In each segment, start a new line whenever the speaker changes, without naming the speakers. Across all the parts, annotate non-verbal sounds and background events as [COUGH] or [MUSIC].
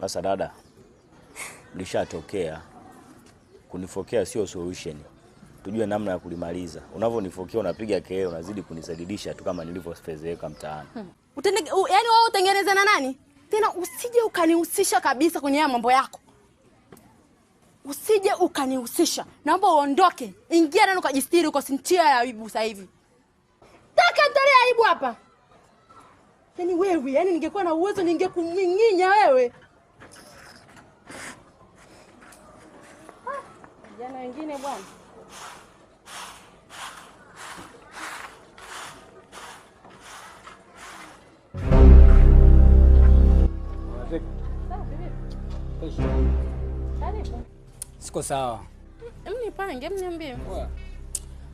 Sasa dada, lishatokea kunifokea sio solution. Tujue namna ya kulimaliza. Unavyonifokea unapiga kelele, unazidi kunisadidisha tu kama nilivyofezeka mtaani. Hmm.
yaani wewe na nani? Tena usije ukanihusisha kabisa kwenye haya mambo yako. Usije ukanihusisha. Naomba uondoke. Ingia ndani ukajistiri sintia ya aibu sasa hivi. Taka ntolea aibu hapa. Yaani wewe, yaani ningekuwa na uwezo ningekunginginya wewe. Vijana wengine bwana
siko sawa.
Mnipange, mniambie.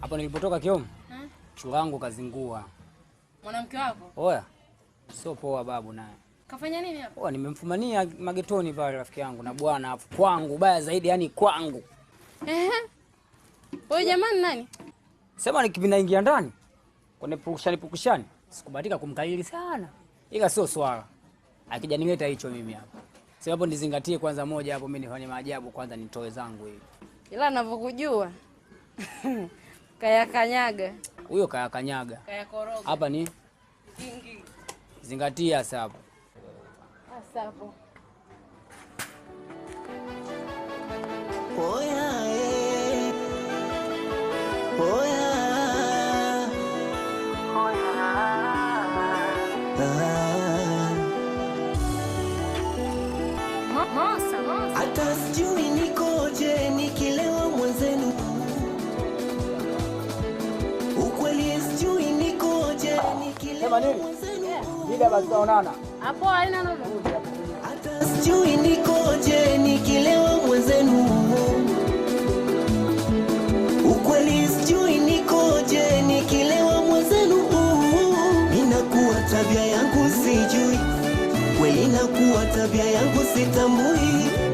Hapo nilipotoka Kiomo, chungu yangu kazingua.
Mwanamke wako?
Oya, sio poa babu naye.
Kafanya nini hapo?
Oya, nimemfumania magetoni pale rafiki yangu na bwana, afu kwangu baya zaidi, yani kwangu
[LAUGHS] Wewe jamani nani?
Sema ni kipinda ingia ndani. Kwenye pukushani pukushani. Sikubatika kumkaili sana. Ila sio swala. nileta hicho mimi hapa. Sasa hapo nizingatie kwanza moja hapo mimi nifanye maajabu kwanza nitoe zangu hivi.
Ila ninavyokujua. [LAUGHS] Kaya kanyaga.
Huyo kaya kanyaga.
Kaya koroga.
Hapa ni kingi. Zingatia sasa hapo.
Sasa hapo. Oya. kufanana hapo, haina nzuri. Hata sijui nikoje nikilewa mwenzenu, ukweli sijui nikoje nikilewa mwenzenu, inakuwa tabia yangu sijui, kweli inakuwa tabia yangu sitambui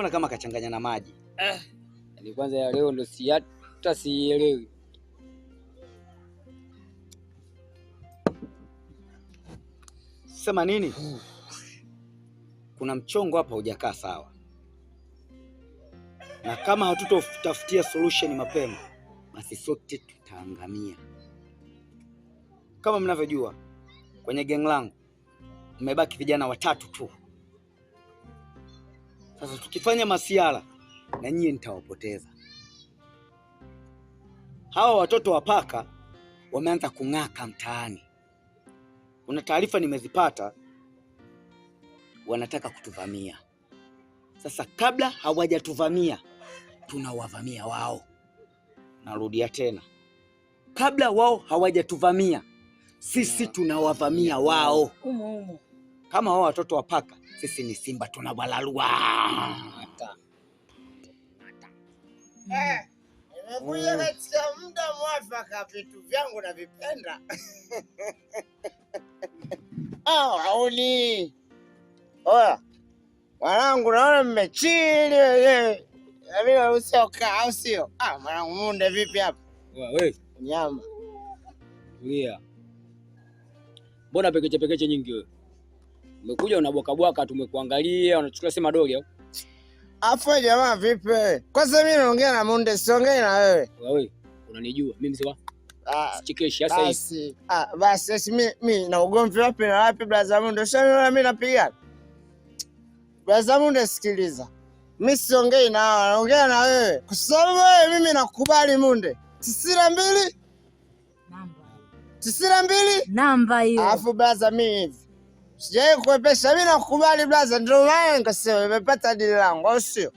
mbona kama kachanganya na maji eh?
Ni kwanza ya leo ndo si hata sielewi.
Sema nini? Kuna mchongo hapa hujakaa sawa, na kama hatutotafutia solution mapema, basi sote tutaangamia. Kama mnavyojua kwenye gang langu mmebaki vijana watatu tu sasa tukifanya masiara na nyie nitawapoteza hawa watoto wa paka. Wameanza kung'aka mtaani, kuna taarifa nimezipata, wanataka kutuvamia. Sasa kabla hawajatuvamia, tunawavamia wao. Narudia tena, kabla wao hawajatuvamia sisi tunawavamia wao. Umu, umu kama wao watoto wa paka, sisi ni simba tunawalalua.
Nimekuja mm. katika muda mwafaka, vitu vyangu navipenda. Auni [LAUGHS] oya, mwanangu, naona mmechili wenyewe avile usiokaa, au sio? Ah, mwanangu munde, vipi hapa nyama?
Mbona pekeche pekeche nyingi wewe? Umekuja unabwaka bwaka, tumekuangalia unachukua sema doge au?
Afu jamaa vipi Kwanza mimi naongea na Munde, siongei na wewe.
Wewe unanijua mimi mzee wako. Ah, chikeshi sasa
hivi. Ah, basi sasa mimi mimi na ugomvi wapi na wapi blaza Munde? Ushaona mimi napiga. brother Munde sikiliza. Mimi siongei na wewe, naongea na wewe. Kwa sababu wewe mimi nakubali Munde. Tisira mbili. Namba. Tisira mbili.
Namba hiyo.
Alafu brother mimi hivi. Sijawahi kuepesha mimi, nakukubali blaza, ndio maana nikasema nimepata dili langu, au sio?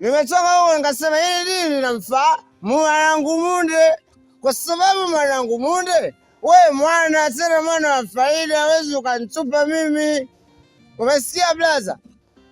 Nimetoka huko nikasema hili dili linamfaa mwanangu Munde, kwa sababu mwanangu Munde we mwana tena mwana wa faida, hawezi ukanitupa mimi. Umesikia blaza?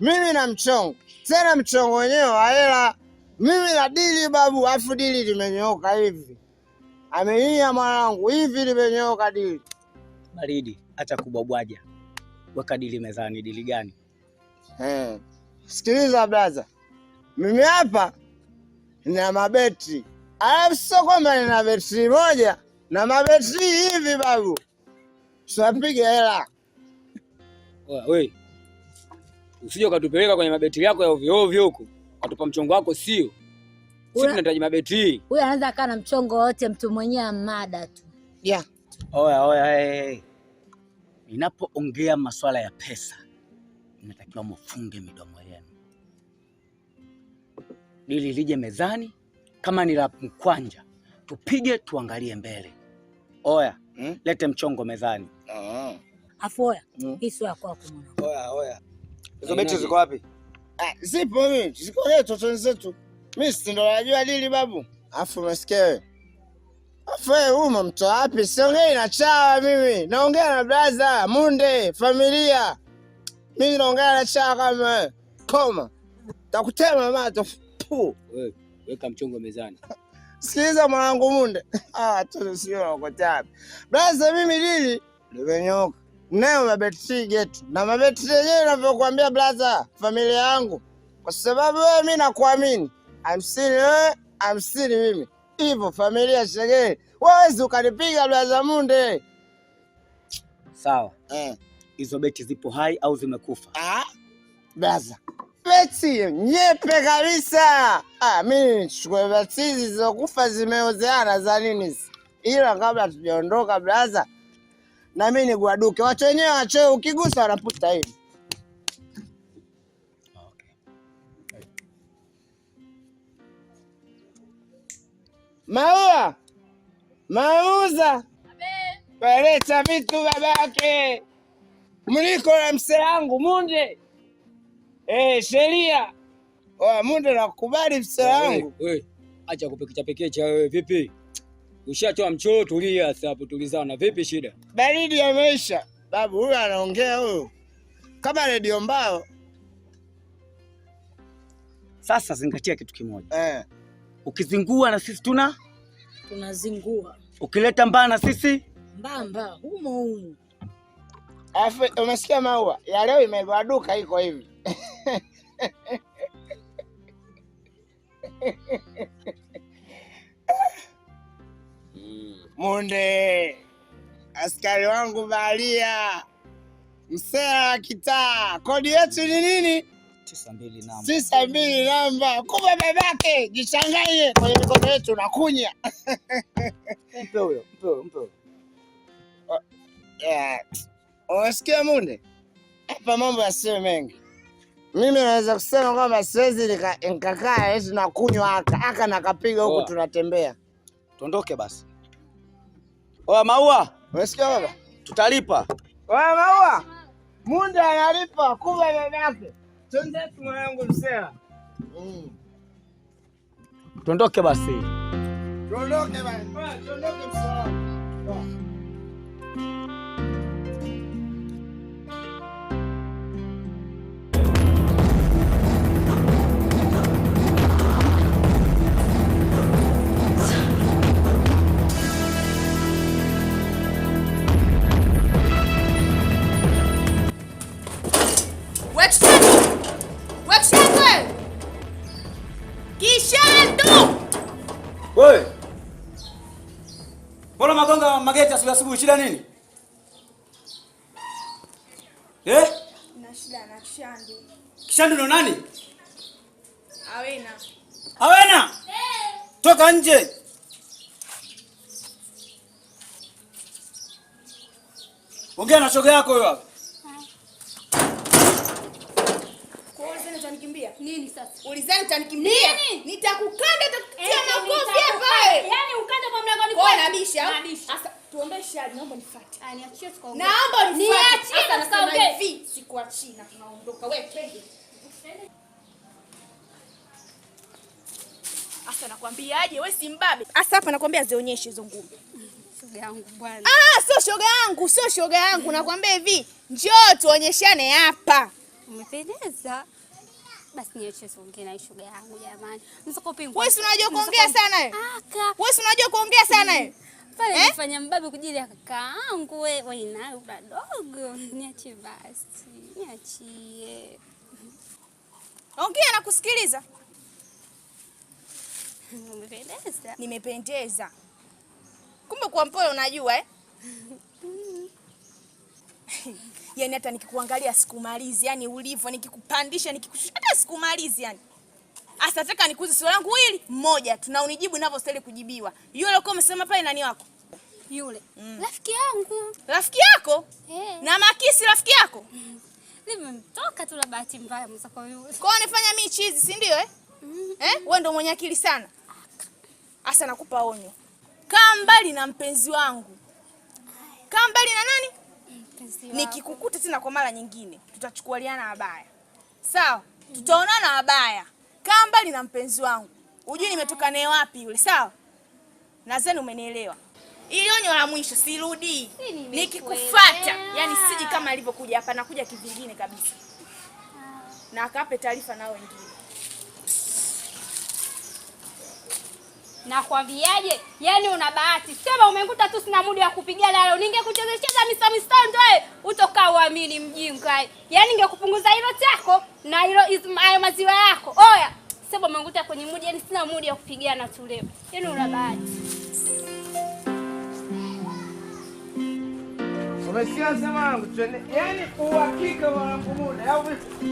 Mimi na mchongo tena, mchongo wenyewe wa hela. Mimi na dili babu, afu dili limenyoka hivi, ameia mwanangu hivi, limenyoka dili
baridi, hata kubwabwaja, weka dili mezani. Dili gani?
Eh, sikiliza blaza, mimi hapa na mabetri, alafu sio kwamba nina betri moja na mabetri hivi babu, tunapiga hela
we, usije ukatupeleka kwenye mabetri yako ya ovyo ovyo huko, ukatupa mchongo wako, sio sisi tunahitaji mabetri.
Huyu anaweza akaa na mchongo wote, mtu mwenyewe amada tu.
Yeah. Oya, oya, hey, hey. Ninapoongea masuala ya pesa, inatakiwa mfunge midomo yenu. Dili lije mezani, kama ni la mkwanja tupige, tuangalie mbele. Oya, hmm? Lete mchongo mezani. Hmm.
Afu oya, hmm. hii sio ya kwako
Oya, oya. Hizo beti ziko wapi?
Ah, zipo mimi, ziko leto zetu. Mimi si ndo najua dili babu. Afu unasikia wewe? Fe umo mto wapi? Siongei na chawa mimi, naongea na braza Munde familia. Mimi naongea na chawa kama koma, takutema mato.
weka mchongo mezani.
[LAUGHS] Sikiliza mwanangu Munde, [LAUGHS] ah tu sio ukotaa braza, mimi lili limenyoka nayo mabetri getu na mabetri yenyewe navyokuambia braza, familia yangu, kwa sababu wewe mimi nakuamini hamsini, wewe hamsini mimi hivyo familia shegee, wawezi ukanipiga blaza Munde.
Sawa eh. hizo eh, beti zipo hai au zimekufa?
Ah, blaza beti nyepe kabisa. Ah, mimi nichukue beti zilizokufa zimeozeana za nini? Ila kabla tujaondoka blaza, na mimi niguaduke, wacho wenyewe wacho ukigusa wanaputa hivi maua mauza waleta vitu babake mliko na mse wangu munde e, sheria oh, munde nakubali mse wangu.
Acha kupekechapekecha wewe, vipi? Ushatoa mchoo, tulia sasa tulizana. Vipi shida?
Baridi ya maisha babu, huyu anaongea huyu kama redio mbao.
Sasa zingatia kitu kimoja eh. Ukizingua na sisi tuna
tunazingua,
ukileta mbaa na sisi
mbaa humo humo.
Umesikia maua ya leo imeiva duka iko hivi [LAUGHS] Munde, askari wangu, balia msea kitaa, kodi yetu ni nini? tisa mbili namba kuba babake, jichanganye kwenye mikono yetu na kunya. Unasikia [LAUGHS] Munde, hapa mambo yasiyo mengi. Mimi naweza kusema kwamba siwezi nikakaa eti na kunywa aka aka nakapiga huku, tunatembea
tuondoke basi. Oa maua, unasikia baba, tutalipa.
Oa maua, Munde analipa kuba babake. Twendeti
Tuondoke mm. basi.
Tuondoke basi. Tuondoke msea.
Michel
Wewe. Mbona magonga mageti asubuhi asubuhi shida nini? Eh?
Na shida na kishandu.
Kishandu ndo nani? Awena. Awena? Eh. Toka nje. Ongea na shoga yako wewe.
Nini sasa? Ulizani utanikimbia? Nitakukanda nitakutia makofi hapa wewe. Yaani ukanda kwa mlango ni
kwa nabisha.
Sasa tuombe shari, naomba nifuate. Ah, niachie tukaombe. Naomba nifuate. Sasa nasema hivi, sikuachii China tunaondoka. Wewe twende. Asa nakwambiaje, wewe si mbabe. Asa hapa nakwambia zionyeshe hizo ngumi. Shoga yangu bwana. Ah, sio shoga yangu, sio shoga yangu. Nakwambia hivi, njoo tuonyeshane hapa. Umependeza basi niache siongee na shoga yangu jamani. Wewe si unajua kuongea sana mm. eh? Wewe si unajua kuongea sana eh? Pale nifanya mbabe kwa ajili ya kakaangu wewe, wewe dogo. Niache basi. Niachie. Ongea na kusikiliza. [LAUGHS] Nimependeza. Kumbe kwa mpole unajua eh? Mm. [LAUGHS] yani hata nikikuangalia sikumalizi, yani ulivyo, nikikupandisha nikikushusha, hata sikumalizi yani. Asa nataka nikuuze swali langu hili moja tu na unijibu ninavyostahili kujibiwa. Yule uliokuwa umesema pale nani wako? Yule. Mm. Rafiki yangu. Rafiki yako? Yeah. Na Makisi rafiki yako? Mm. Nimemtoka tu la bahati mbaya msa kwa yule. Kwa unifanya mimi chizi, si ndio eh? Mm. Eh? Wewe ndio mwenye akili sana. Asa nakupa onyo. Kaa mbali na mpenzi wangu. Kaa mbali na nani? Nikikukuta tena kwa mara nyingine tutachukualiana wabaya, sawa? Tutaonana wabaya, kaa mbali na mpenzi wangu, hujui nimetoka naye wapi yule, sawa? Nadhani umenielewa. Ili onyo la mwisho sirudi. Nikikufuata, yani siji kama alivyokuja hapa, nakuja kivingine kabisa, na akape taarifa nao wengine. Nakwambiaje? Yaani una bahati. Sema umekuta tu sina muda ya kupiga lalo. Ningekuchezesheza misa mistando wewe, eh, utokaa uamini mjinga. Eh. Yaani ningekupunguza hilo chako na hilo hayo maziwa yako. Oya, sema umekuta kwenye muda yaani sina muda ya kupigana na leo. Yaani una bahati.
Umesikia sema wangu, yaani uhakika wa wangu muda au vipi?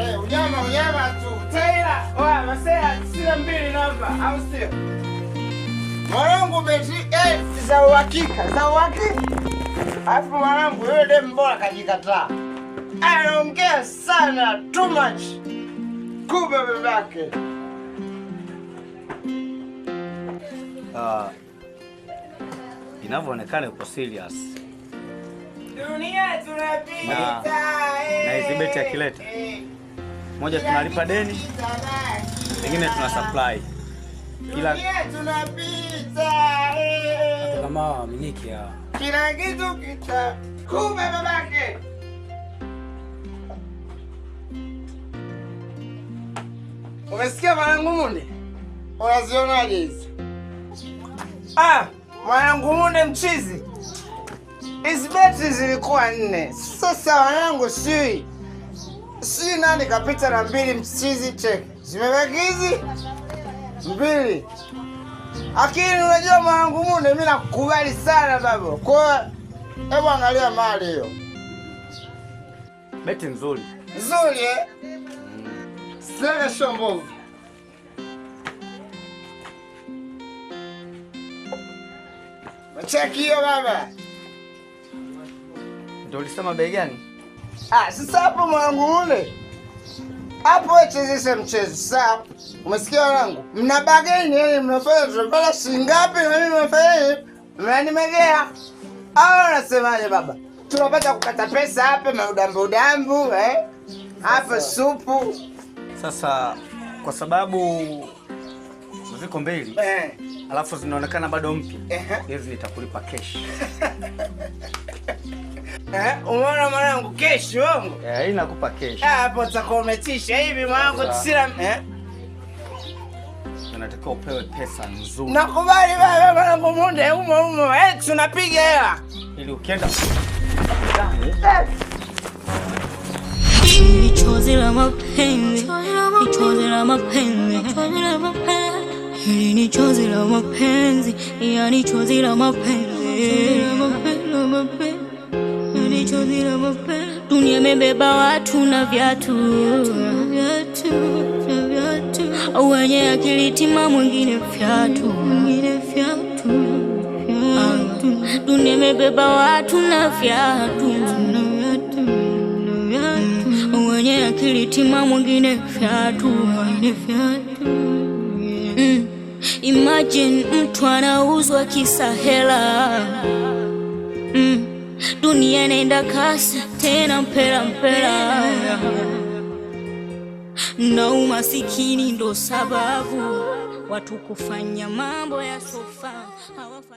Eh, unyama unyama tu tera oh, masea mbili namba au sio? Mwanangu beti eh, za uhakika za uhakika. Alafu yule dem kajikataa, anaongea sana too much, kumbe babake.
Uh, inavyoonekana uko serious
dunia tunapita
na eh. akileta eh moja tunalipa deni, nyingine tuna supply.
Kila tunapita eh.
kama waaminiki ya
kila kitu kita kumbe babake Umesikia mwanangumunde? Unazionaje hizi? Ah, mwanangumunde mchizi. Hizi beti zilikuwa nne. Sasa wanangu sii sina nikapita na mbili mchizi cheki zimebakizi mbili. Lakini unajua mwanangu Munde, mimi nakukubali sana babo. Kwa hebu angalia mali hiyo, beti nzuri nzuri eh? Sera Cheki hiyo baba,
ndio ulisema bei gani?
Ah, sasa hapo mwanangu ule. Hapo chezesha mchezo. Sasa umesikia wanangu? Mna bageni yani mnafanya tunapata shilingi ngapi na mimi nimefanya mnanimegea. Ah, unasemaje baba? Tunapata kukata pesa hapa maudambu dambu eh? Hapa supu.
Sasa kwa sababu ziko mbili eh, alafu zinaonekana bado mpya eh, nitakulipa keshi [LAUGHS]
Eh, umeona mwanangu kesho wangu?
Eh, hii nakupa kesho.
Ah, eh, hapo utakometisha hivi mwanangu tusira eh.
Unatakiwa upewe pesa nzuri.
Nakubali baba mwanangu munde umo umo. Eh, tunapiga hela.
Ili ukienda
ni chozi la mapenzi, ni chozi la mapenzi, ni chozi la mapenzi, yani chozi la mapenzi, la mapenzi vitu vinavyopenda. dunia imebeba watu na viatu, wenye akili timamu wengine fyatu. Dunia imebeba watu na viatu, wenye akili timamu wengine fyatu. Mm. Imagine mtu anauzwa kisa hela mm dunia inaenda kasi tena, mpera mpera, na umasikini ndo sababu watu kufanya mambo ya sofa.